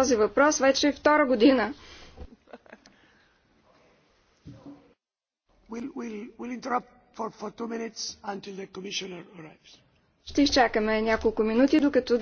този въпрос вече втора година. Ще изчакаме няколко минути, докато